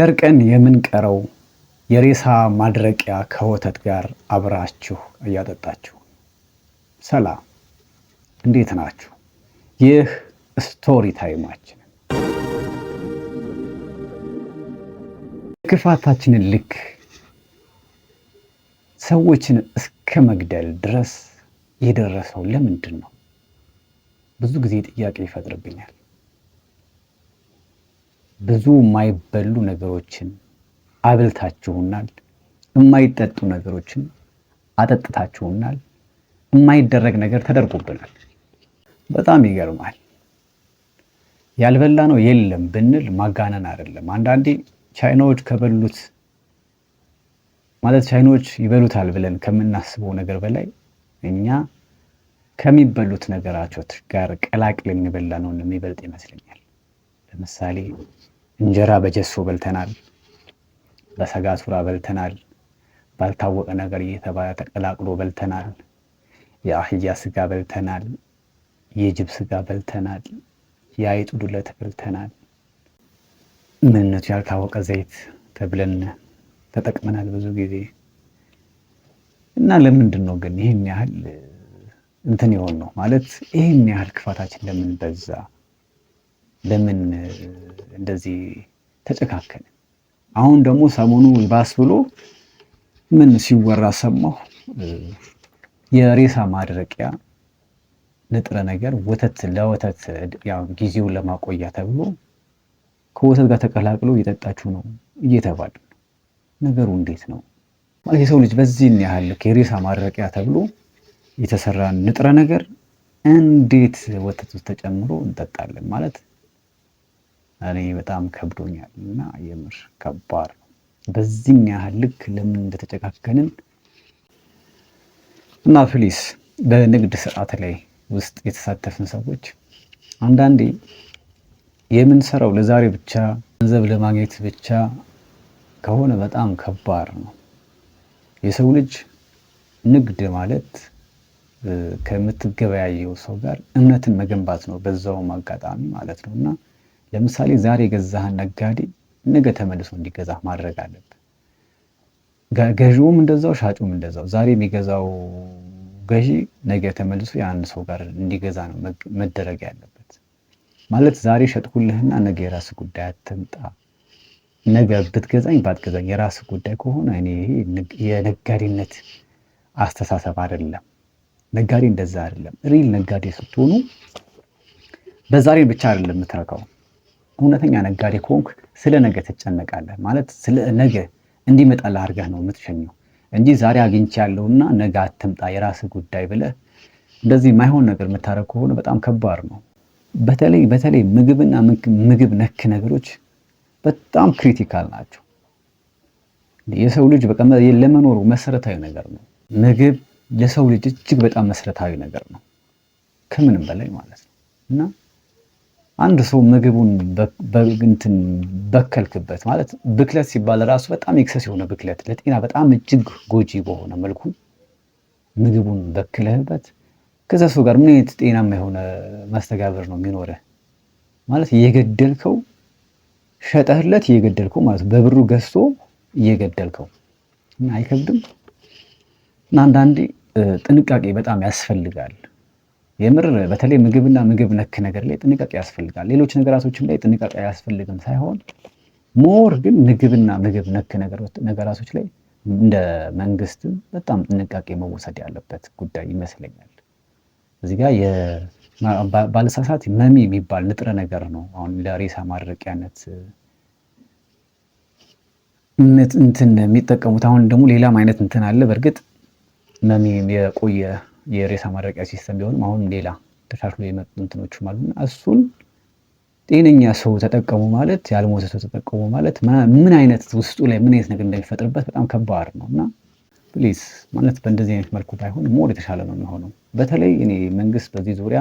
ደርቀን የምንቀረው የሬሳ ማድረቂያ ከወተት ጋር አብራችሁ እያጠጣችሁ። ሰላም፣ እንዴት ናችሁ? ይህ ስቶሪ ታይማችን ክፋታችንን ልክ ሰዎችን እስከ መግደል ድረስ የደረሰው ለምንድን ነው? ብዙ ጊዜ ጥያቄ ይፈጥርብኛል። ብዙ የማይበሉ ነገሮችን አብልታችሁናል። የማይጠጡ ነገሮችን አጠጥታችሁናል። የማይደረግ ነገር ተደርጎብናል። በጣም ይገርማል። ያልበላ ነው የለም ብንል ማጋነን አይደለም። አንዳንዴ ቻይናዎች ከበሉት ማለት ቻይናዎች ይበሉታል ብለን ከምናስበው ነገር በላይ እኛ ከሚበሉት ነገራቸው ጋር ቀላቅለን የበላ ነው የሚበልጥ ይመስለኛል። ለምሳሌ እንጀራ በጀሶ በልተናል፣ በሰጋ ሱራ በልተናል፣ ባልታወቀ ነገር እየተባለ ተቀላቅሎ በልተናል፣ የአህያ ስጋ በልተናል፣ የጅብ ስጋ በልተናል፣ የአይጥ ዱለት በልተናል፣ ምንነቱ ያልታወቀ ዘይት ተብለን ተጠቅመናል ብዙ ጊዜ እና ለምንድን ነው ግን ይህን ያህል እንትን የሆን ነው ማለት ይህን ያህል ክፋታችን ለምን በዛ? ለምን እንደዚህ ተጨካከለ? አሁን ደግሞ ሰሞኑ ይባስ ብሎ ምን ሲወራ ሰማሁ? የሬሳ ማድረቂያ ንጥረ ነገር ወተት ለወተት ጊዜውን ለማቆያ ተብሎ ከወተት ጋር ተቀላቅሎ እየጠጣችሁ ነው እየተባለ ነገሩ እንዴት ነው ማለት የሰው ልጅ በዚህን ያህል የሬሳ ማድረቂያ ተብሎ የተሰራ ንጥረ ነገር እንዴት ወተት ውስጥ ተጨምሮ እንጠጣለን ማለት እኔ በጣም ከብዶኛል እና የምር ከባድ ነው። በዚህ ያህል ልክ ለምን እንደተጨካከንን እና ፕሊስ በንግድ ስርዓት ላይ ውስጥ የተሳተፍን ሰዎች አንዳንዴ የምንሰራው ለዛሬ ብቻ ገንዘብ ለማግኘት ብቻ ከሆነ በጣም ከባድ ነው። የሰው ልጅ ንግድ ማለት ከምትገበያየው ሰው ጋር እምነትን መገንባት ነው፣ በዛውም አጋጣሚ ማለት ነው እና ለምሳሌ ዛሬ የገዛህን ነጋዴ ነገ ተመልሶ እንዲገዛህ ማድረግ አለብህ። ገዢውም እንደዛው፣ ሻጩም እንደዛው። ዛሬ የሚገዛው ገዢ ነገ ተመልሶ የአንድ ሰው ጋር እንዲገዛ ነው መደረግ ያለበት። ማለት ዛሬ ሸጥኩልህና ነገ የራስ ጉዳይ አትምጣ። ነገ ብትገዛኝ ባትገዛኝ የራስ ጉዳይ ከሆነ እኔ ይሄ የነጋዴነት አስተሳሰብ አይደለም። ነጋዴ እንደዛ አይደለም። ሪል ነጋዴ ስትሆኑ በዛሬን ብቻ አይደለም የምትረካው እውነተኛ ነጋዴ ከሆንክ ስለ ነገ ትጨነቃለህ። ማለት ስለ ነገ እንዲመጣልህ አድርገህ ነው የምትሸኘው እንጂ ዛሬ አግኝች ያለውና ነገ አትምጣ የራስህ ጉዳይ ብለህ እንደዚህ የማይሆን ነገር የምታደርግ ከሆነ በጣም ከባድ ነው። በተለይ በተለይ ምግብና ምግብ ነክ ነገሮች በጣም ክሪቲካል ናቸው። የሰው ልጅ ለመኖሩ መሰረታዊ ነገር ነው። ምግብ ለሰው ልጅ እጅግ በጣም መሰረታዊ ነገር ነው፣ ከምንም በላይ ማለት ነው እና አንድ ሰው ምግቡን እንትን በከልክበት ማለት ብክለት ሲባል ራሱ በጣም ኤክሰስ የሆነ ብክለት ለጤና በጣም እጅግ ጎጂ በሆነ መልኩ ምግቡን በክለህበት ከዛ ጋር ምን አይነት ጤናማ የሆነ መስተጋብር ነው የሚኖረህ? ማለት እየገደልከው ሸጠህለት እየገደልከው ማለት በብሩ ገዝቶ እየገደልከው እና አይከብድም። እና አንዳንዴ ጥንቃቄ በጣም ያስፈልጋል። የምር በተለይ ምግብና ምግብ ነክ ነገር ላይ ጥንቃቄ ያስፈልጋል። ሌሎች ነገራቶችም ላይ ጥንቃቄ አያስፈልግም ሳይሆን ሞር ግን ምግብና ምግብ ነክ ነገራቶች ላይ እንደ መንግስትም በጣም ጥንቃቄ መወሰድ ያለበት ጉዳይ ይመስለኛል። እዚህ ጋር ባለሳሳት መሚ የሚባል ንጥረ ነገር ነው አሁን ለሬሳ ማድረቂያነት እንትን የሚጠቀሙት። አሁን ደግሞ ሌላም አይነት እንትን አለ። በእርግጥ መሚ የቆየ የሬሳ ማድረቂያ ሲስተም ቢሆንም አሁን ሌላ ተሻሽሎ የመጡ እንትኖች አሉ። እሱን ጤነኛ ሰው ተጠቀሙ ማለት ያልሞተ ሰው ተጠቀሙ ማለት ምን አይነት ውስጡ ላይ ምን አይነት ነገር እንደሚፈጥርበት በጣም ከባድ ነው እና ፕሊዝ ማለት በእንደዚህ አይነት መልኩ ባይሆን ሞር የተሻለ ነው የሚሆነው። በተለይ እኔ መንግስት በዚህ ዙሪያ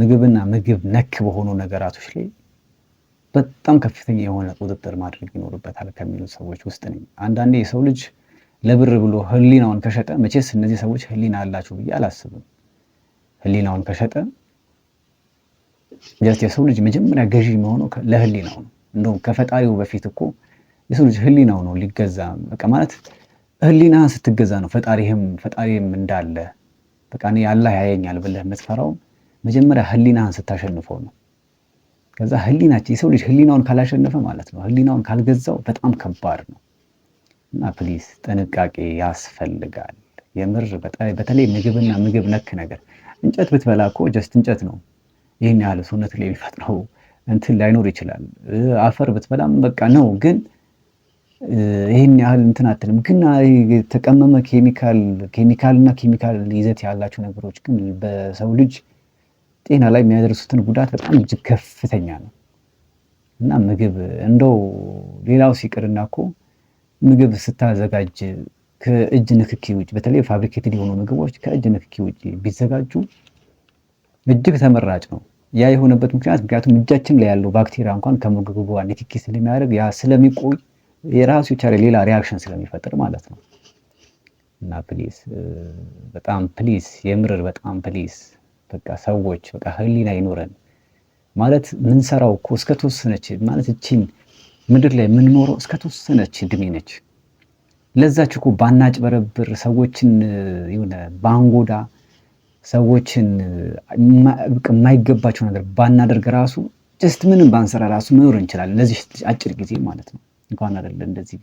ምግብና ምግብ ነክ በሆኑ ነገራቶች ላይ በጣም ከፍተኛ የሆነ ቁጥጥር ማድረግ ይኖርበታል ከሚሉት ሰዎች ውስጥ ነኝ። አንዳንዴ የሰው ልጅ ለብር ብሎ ህሊናውን ከሸጠ መቼስ እነዚህ ሰዎች ህሊና አላቸው ብዬ አላስብም። ህሊናውን ከሸጠ ጀስት የሰው ልጅ መጀመሪያ ገዢ መሆኑ ለህሊናው ነው። እንደውም ከፈጣሪው በፊት እኮ የሰው ልጅ ህሊናው ነው ሊገዛ በቃ ማለት ህሊና ስትገዛ ነው ፈጣሪህም ፈጣሪም እንዳለ በቃ እኔ አላህ ያየኛል ብለህ የምትፈራው መጀመሪያ ህሊናህን ስታሸንፈው ነው። ከዛ ህሊናችን የሰው ልጅ ህሊናውን ካላሸነፈ ማለት ነው ህሊናውን ካልገዛው በጣም ከባድ ነው። እና ፕሊስ ጥንቃቄ ያስፈልጋል። የምር በተለይ ምግብና ምግብ ነክ ነገር እንጨት ብትበላ እኮ ጀስት እንጨት ነው። ይህን ያህል ሰውነት ላይ የሚፈጥረው እንትን ላይኖር ይችላል። አፈር ብትበላም በቃ ነው፣ ግን ይህን ያህል እንትን አትልም። ግን የተቀመመ ኬሚካል ኬሚካልና ኬሚካል ይዘት ያላቸው ነገሮች ግን በሰው ልጅ ጤና ላይ የሚያደርሱትን ጉዳት በጣም እጅግ ከፍተኛ ነው እና ምግብ እንደው ሌላው ሲቅርና እኮ ምግብ ስታዘጋጅ ከእጅ ንክኪ ውጭ በተለይ ፋብሪኬትድ የሆኑ ምግቦች ከእጅ ንክኪ ውጭ ቢዘጋጁ እጅግ ተመራጭ ነው። ያ የሆነበት ምክንያት ምክንያቱም እጃችን ላይ ያለው ባክቴሪያ እንኳን ከምግቡ ጋር ንክኪ ስለሚያደርግ ያ ስለሚቆይ የራሱ የቻለ ሌላ ሪያክሽን ስለሚፈጥር ማለት ነው። እና ፕሊስ በጣም ፕሊስ የምርር በጣም ፕሊስ በቃ ሰዎች በቃ ህሊና ይኖረን ማለት ምንሰራው እኮ እስከተወሰነች ማለት እችን ምድር ላይ የምንኖረው እስከተወሰነች እድሜ ነች። ለዛች እኮ ባናጭበረብር፣ ሰዎችን የሆነ ባንጎዳ፣ ሰዎችን የማይገባቸው ነገር ባናደርግ ራሱ ጀስት ምንም ባንሰራ ራሱ መኖር እንችላለን። ለዚህ አጭር ጊዜ ማለት ነው። እንኳን አይደለ እንደዚህ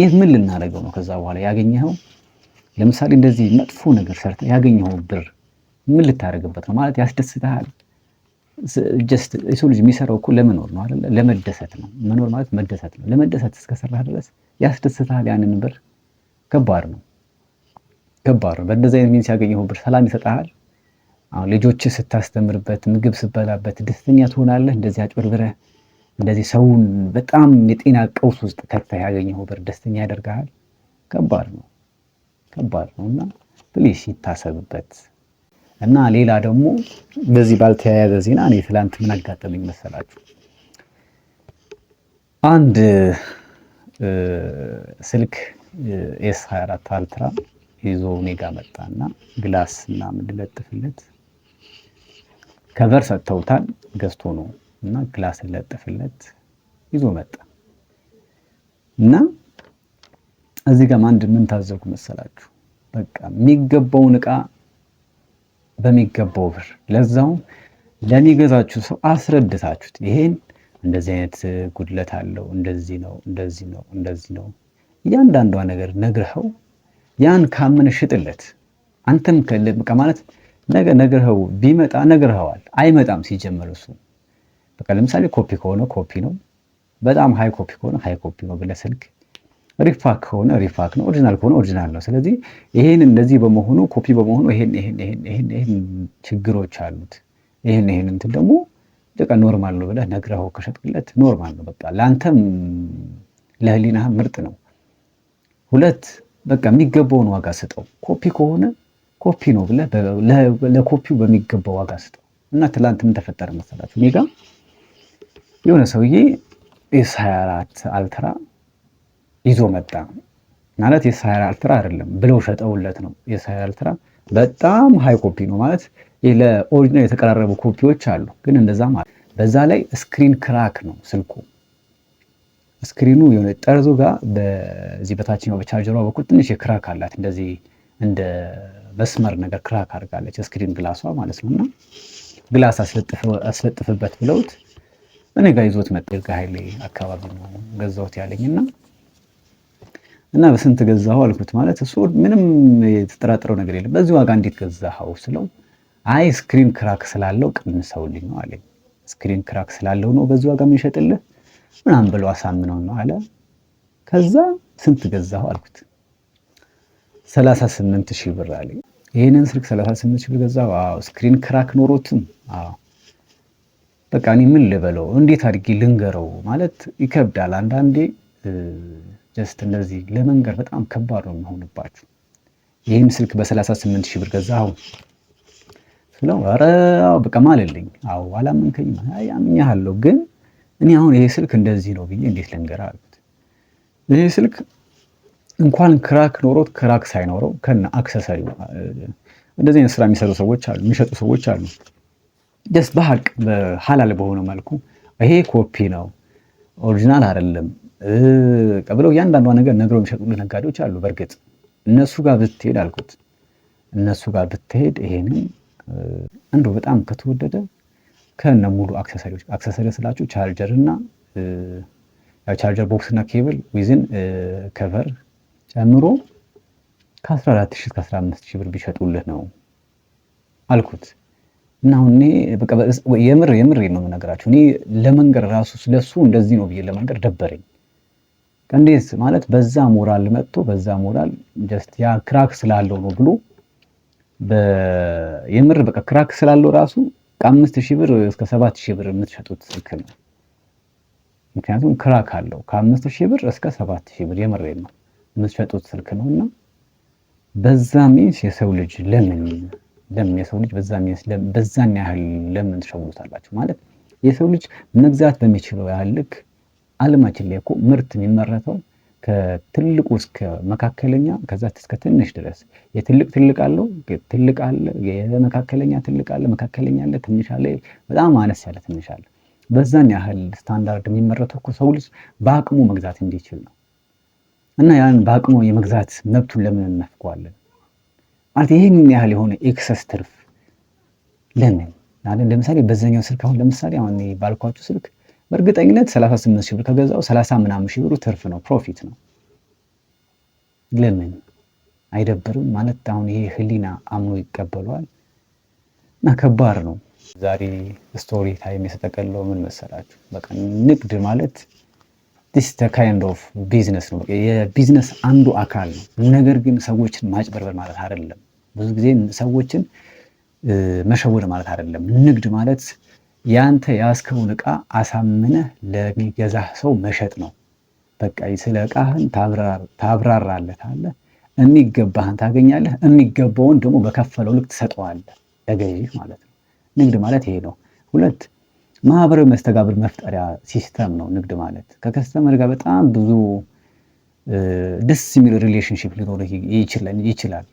ይህ ምን ልናደርገው ነው? ከዛ በኋላ ያገኘኸው ለምሳሌ እንደዚህ መጥፎ ነገር ሰርተ ያገኘኸው ብር ምን ልታደርግበት ነው ማለት ያስደስትሃል? የሰው ልጅ የሚሰራው እኮ ለመኖር ነው አይደለ? ለመደሰት ነው። መኖር ማለት መደሰት ነው። ለመደሰት እስከሰራ ድረስ ያስደስታል ያንን ብር ከባድ ነው፣ ከባድ ነው። በእንደዚህ አይነት ሚን ያገኘው ብር ሰላም ይሰጠሃል። አሁን ልጆች ስታስተምርበት፣ ምግብ ስበላበት ደስተኛ ትሆናለህ። እንደዚህ አጭበርብረህ እንደዚህ ሰውን በጣም የጤና ቀውስ ውስጥ ከተህ ያገኘው ብር ደስተኛ ያደርግሃል። ከባድ ነው፣ ከባድ ነው እና ፕሊስ ይታሰብበት። እና ሌላ ደግሞ በዚህ ባልተያያዘ ዜና እኔ ትላንት ምን አጋጠመኝ መሰላችሁ? አንድ ስልክ ኤስ 24 አልትራ ይዞ ኔጋ መጣና ግላስ እና ምንለጥፍለት ከቨር ሰጥተውታል ገዝቶ ነው እና ግላስ ለጥፍለት ይዞ መጣ እና እዚህ ጋር አንድ ምን ታዘብኩ መሰላችሁ? በቃ የሚገባውን ዕቃ በሚገባው ብር ለዛውም ለሚገዛችሁ ሰው አስረድታችሁት ይሄን እንደዚህ አይነት ጉድለት አለው፣ እንደዚህ ነው፣ እንደዚህ ነው፣ እንደዚህ ነው፣ እያንዳንዷ ነገር ነግረኸው ያን ካምን ሽጥለት። አንተም ከማለት ማለት ነገ ነግረኸው ቢመጣ ነግረኸዋል። አይመጣም ሲጀመር እሱ በቃ ለምሳሌ ኮፒ ከሆነ ኮፒ ነው፣ በጣም ሃይ ኮፒ ከሆነ ሃይ ኮፒ ነው ብለህ ስልክ ሪፋክ ከሆነ ሪፋክ ነው፣ ኦሪጂናል ከሆነ ኦሪጂናል ነው። ስለዚህ ይሄን እንደዚህ በመሆኑ ኮፒ በመሆኑ ይሄን ይሄን ይሄን ይሄን ይሄን ችግሮች አሉት። ይሄን ይሄን እንትን ደግሞ በቃ ኖርማል ነው ብለህ ነግረኸው ከሸጥክለት ኖርማል ነው በቃ ለአንተም ለህሊና ምርጥ ነው። ሁለት በቃ የሚገባውን ዋጋ ስጠው። ኮፒ ከሆነ ኮፒ ነው ብለህ ለኮፒው በሚገባው ዋጋ ስጠው። እና ትላንት ምን ተፈጠረ መሰላችሁ? እኔ ጋ የሆነ ሰውዬ ኤስ 24 አልትራ ይዞ መጣ ማለት የሳይር አልትራ አይደለም ብለው ሸጠውለት ነው። የሳይር አልትራ በጣም ሃይ ኮፒ ነው ማለት ለኦሪጂናል የተቀራረቡ ኮፒዎች አሉ፣ ግን እንደዛ ማለት በዛ ላይ ስክሪን ክራክ ነው ስልኩ። ስክሪኑ የሆነ ጠርዙ ጋር በዚህ በታችኛው በቻርጀሯ በኩል ትንሽ የክራክ አላት፣ እንደዚህ እንደ መስመር ነገር ክራክ አድርጋለች፣ ስክሪን ግላሷ ማለት ነው። እና ግላስ አስለጥፍበት ብለውት እኔ ጋር ይዞት መጠጋ ኃይሌ አካባቢ ነው ገዛሁት ያለኝ እና እና በስንት ገዛኸው አልኩት። ማለት እሱ ምንም የተጠራጠረው ነገር የለም። በዚህ ዋጋ እንዴት ገዛኸው ስለው አይ ስክሪን ክራክ ስላለው ቀንሰውልኝ ነው አለኝ። ስክሪን ክራክ ስላለው ነው በዚህ ዋጋ የምንሸጥልህ ምናምን ብለው አሳምነው ነው አለ። ከዛ ስንት ገዛኸው አልኩት። 38 ሺህ ብር አለኝ። ይህንን ስልክ 38 ሺህ ብር ገዛው? አዎ። ስክሪን ክራክ ኖሮትም? አዎ። በቃ እኔ ምን ልበለው? እንዴት አድርጌ ልንገረው? ማለት ይከብዳል አንዳንዴ ጀስት እንደዚህ ለመንገር በጣም ከባድ ነው የሚሆንባችሁ። ይህን ስልክ በ38 ሺህ ብር ገዛኸው ስለው ኧረ በቃ ማለልኝ። አዎ አላመንከኝ ያምኛለሁ፣ ግን እኔ አሁን ይሄ ስልክ እንደዚህ ነው ብዬ እንዴት ልንገር አልኩት። ይሄ ስልክ እንኳን ክራክ ኖሮት ክራክ ሳይኖረው ከነ አክሰሰሪ እንደዚህ አይነት ስራ የሚሰሩ ሰዎች አሉ፣ የሚሸጡ ሰዎች አሉ። ደስ በሀቅ በሀላል በሆነ መልኩ ይሄ ኮፒ ነው ኦሪጂናል አይደለም ብለው እያንዳንዷ ነገር ነግረው የሚሸጡ ነጋዴዎች አሉ። በእርግጥ እነሱ ጋር ብትሄድ አልኩት፣ እነሱ ጋር ብትሄድ ይሄንን እንደው በጣም ከተወደደ ከነ ሙሉ አክሰሰሪዎች አክሰሰሪ ስላችሁ ቻርጀር እና ቻርጀር ቦክስ እና ኬብል ዊዝን ከቨር ጨምሮ ከ14 እስከ 15 ሺህ ብር ቢሸጡልህ ነው አልኩት። እና አሁን እኔ የምር የምር ነው የምነግራችሁ እኔ ለመንገር ራሱ ስለሱ እንደዚህ ነው ብዬ ለመንገር ደበረኝ። እንዴት ማለት በዛ ሞራል መጥቶ በዛ ሞራል ጀስት ያ ክራክ ስላለው ነው ብሎ የምር በቃ ክራክ ስላለው ራሱ ከአምስት ሺህ ብር እስከ ሰባት ሺህ ብር የምትሸጡት ስልክ ነው። ምክንያቱም ክራክ አለው ከአምስት ሺህ ብር እስከ ሰባት ሺህ ብር የምር ነው የምትሸጡት ስልክ ነው እና በዛ ሚንስ የሰው ልጅ ለምን ለምን የሰው ልጅ በዛ ሚንስ በዛን ያህል ለምን ትሸውታላችሁ? ማለት የሰው ልጅ መግዛት በሚችለው ያህል ልክ አለማችን ላይ እኮ ምርት የሚመረተው ከትልቁ እስከ መካከለኛ ከዛ እስከ ትንሽ ድረስ የትልቅ ትልቅ አለው ትልቅ አለ፣ የመካከለኛ ትልቅ አለ፣ መካከለኛ አለ፣ ትንሽ አለ፣ በጣም አነስ ያለ ትንሽ አለ። በዛን ያህል ስታንዳርድ የሚመረተው እኮ ሰው ልጅ በአቅሙ መግዛት እንዲችል ነው። እና ያን በአቅሙ የመግዛት መብቱን ለምን እናፍቀዋለን? ማለት ይህን ያህል የሆነ ኤክሰስ ትርፍ ለምን? ለምሳሌ በዛኛው ስልክ አሁን ለምሳሌ አሁን ባልኳቸው ስልክ በእርግጠኝነት 38 ሺህ ብር ከገዛው 30 ምናምን ሺህ ብሩ ትርፍ ነው፣ ፕሮፊት ነው። ለምን አይደብርም? ማለት አሁን ይሄ ህሊና አምኖ ይቀበሏል እና ከባድ ነው። ዛሬ ስቶሪ ታይም የተጠቀለው ምን መሰላችሁ? በቃ ንግድ ማለት ዲስ ካይንድ ኦፍ ቢዝነስ ነው፣ የቢዝነስ አንዱ አካል ነው። ነገር ግን ሰዎችን ማጭበርበር ማለት አይደለም። ብዙ ጊዜ ሰዎችን መሸወድ ማለት አይደለም። ንግድ ማለት ያንተ ያስከውን ዕቃ አሳምነህ ለሚገዛህ ሰው መሸጥ ነው። በቃ ስለ ዕቃህን ታብራራለታለህ፣ የሚገባህን ታገኛለህ፣ የሚገባውን ደግሞ በከፈለው ልክ ትሰጠዋለህ፣ ለገዢህ ማለት ነው። ንግድ ማለት ይሄ ነው። ሁለት ማህበራዊ መስተጋብር መፍጠሪያ ሲስተም ነው ንግድ ማለት። ከከስተመር ጋር በጣም ብዙ ደስ የሚል ሪሌሽንሽፕ ሊኖርህ ይችላል፣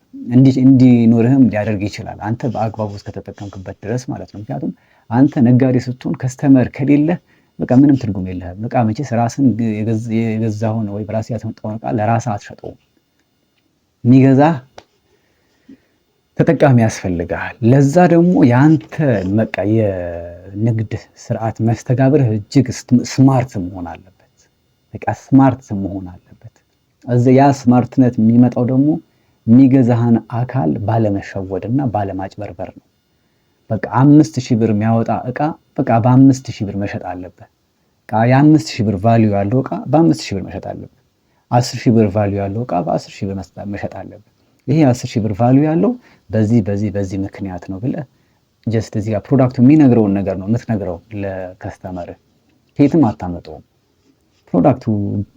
እንዲኖርህም ሊያደርግ ይችላል፣ አንተ በአግባቡ እስከተጠቀምክበት ድረስ ማለት ነው። ምክንያቱም አንተ ነጋዴ ስትሆን ከስተመር ከሌለ በቃ ምንም ትርጉም የለህም። በቃ መቼስ ራስን የገዛውን ወይ በራስ ያተመጣውን እቃ ለራስ አትሸጠውም። የሚገዛህ ተጠቃሚ ያስፈልግሃል። ለዛ ደግሞ የአንተ በቃ የንግድ ስርዓት መስተጋብርህ እጅግ ስማርት መሆን አለበት። በቃ ስማርት መሆን አለበት። እዚያ ያ ስማርትነት የሚመጣው ደግሞ የሚገዛህን አካል ባለመሸወድ እና ባለማጭበርበር ነው። በቃ አምስት ሺህ ብር የሚያወጣ እቃ በቃ በአምስት ሺህ ብር መሸጥ አለበት። የአምስት ሺህ ብር ቫሊዩ ያለው እቃ በአምስት ሺህ ብር መሸጥ አለበት። አስር ሺህ ብር ቫሊዩ ያለው እቃ በአስር ሺህ ብር መሸጥ አለበት። ይሄ አስር ሺህ ብር ቫሊዩ ያለው በዚህ በዚህ በዚህ ምክንያት ነው ብለህ ጀስት እዚህ ጋር ፕሮዳክቱ የሚነግረውን ነገር ነው የምትነግረው ለከስተመር ከየትም አታመጠውም። ፕሮዳክቱ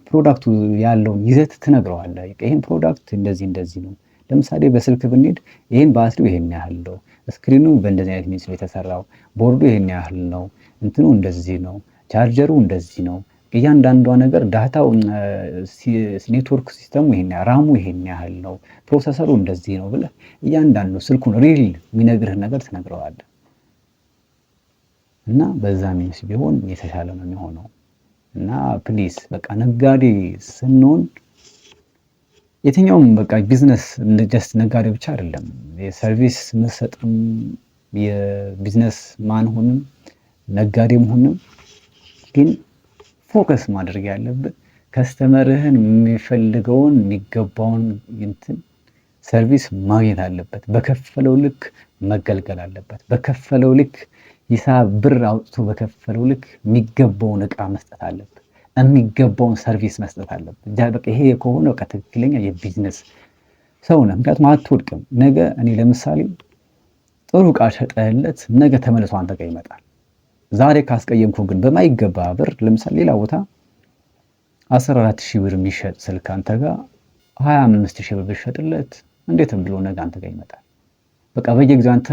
ፕሮዳክቱ ያለውን ይዘት ትነግረዋለህ። ይህም ፕሮዳክት እንደዚህ እንደዚህ ነው ለምሳሌ በስልክ ብንሄድ ይህን ባትሪው ይሄን ያህል ነው፣ ስክሪኑ በእንደዚህ አይነት ሚንስ የተሰራው፣ ቦርዱ ይሄን ያህል ነው፣ እንትኑ እንደዚህ ነው፣ ቻርጀሩ እንደዚህ ነው። እያንዳንዷ ነገር ዳታው ኔትወርክ ሲስተሙ ይሄን ራሙ ይሄን ያህል ነው፣ ፕሮሰሰሩ እንደዚህ ነው ብለህ እያንዳንዱ ስልኩን ሪል የሚነግርህ ነገር ትነግረዋለህ። እና በዛ ሚስ ቢሆን የተሻለ ነው የሚሆነው። እና ፕሊስ በቃ ነጋዴ ስንሆን የትኛውም በቃ ቢዝነስ ጀስት ነጋዴ ብቻ አይደለም። የሰርቪስ መሰጥም የቢዝነስ ማን ሆንም ነጋዴም ሆንም ግን ፎከስ ማድረግ ያለብን ከስተመርህን የሚፈልገውን የሚገባውን እንትን ሰርቪስ ማግኘት አለበት። በከፈለው ልክ መገልገል አለበት። በከፈለው ልክ ሂሳብ ብር አውጥቶ በከፈለው ልክ የሚገባውን እቃ መስጠት አለበት። የሚገባውን ሰርቪስ መስጠት አለብን። ይሄ ከሆነ በቃ ትክክለኛ የቢዝነስ ሰው ነህ። ምክንያቱም አትወድቅም። ነገ እኔ ለምሳሌ ጥሩ ዕቃ ሸጠህለት ነገ ተመልሶ አንተ ጋር ይመጣል። ዛሬ ካስቀየምኩ ግን በማይገባ ብር ለምሳሌ ሌላ ቦታ 14 ሺህ ብር የሚሸጥ ስልክ አንተ ጋር 25 ሺህ ብር ብሸጥለት እንዴትም ብሎ ነገ አንተ ጋር ይመጣል። በቃ በየጊዜው አንተ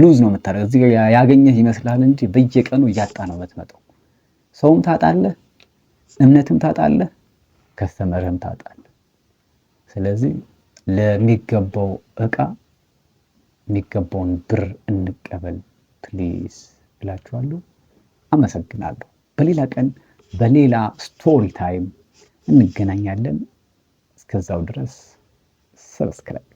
ሉዝ ነው የምታደርገው። እዚህ ያገኘህ ይመስላል እንጂ በየቀኑ እያጣ ነው የምትመጣው። ሰውም ታጣለህ እምነትም ታጣለህ፣ ከስተመርህም ታጣለህ። ስለዚህ ለሚገባው እቃ የሚገባውን ብር እንቀበል ፕሊዝ እላችኋለሁ። አመሰግናለሁ። በሌላ ቀን በሌላ ስቶሪ ታይም እንገናኛለን። እስከዛው ድረስ ሰብስክራይብ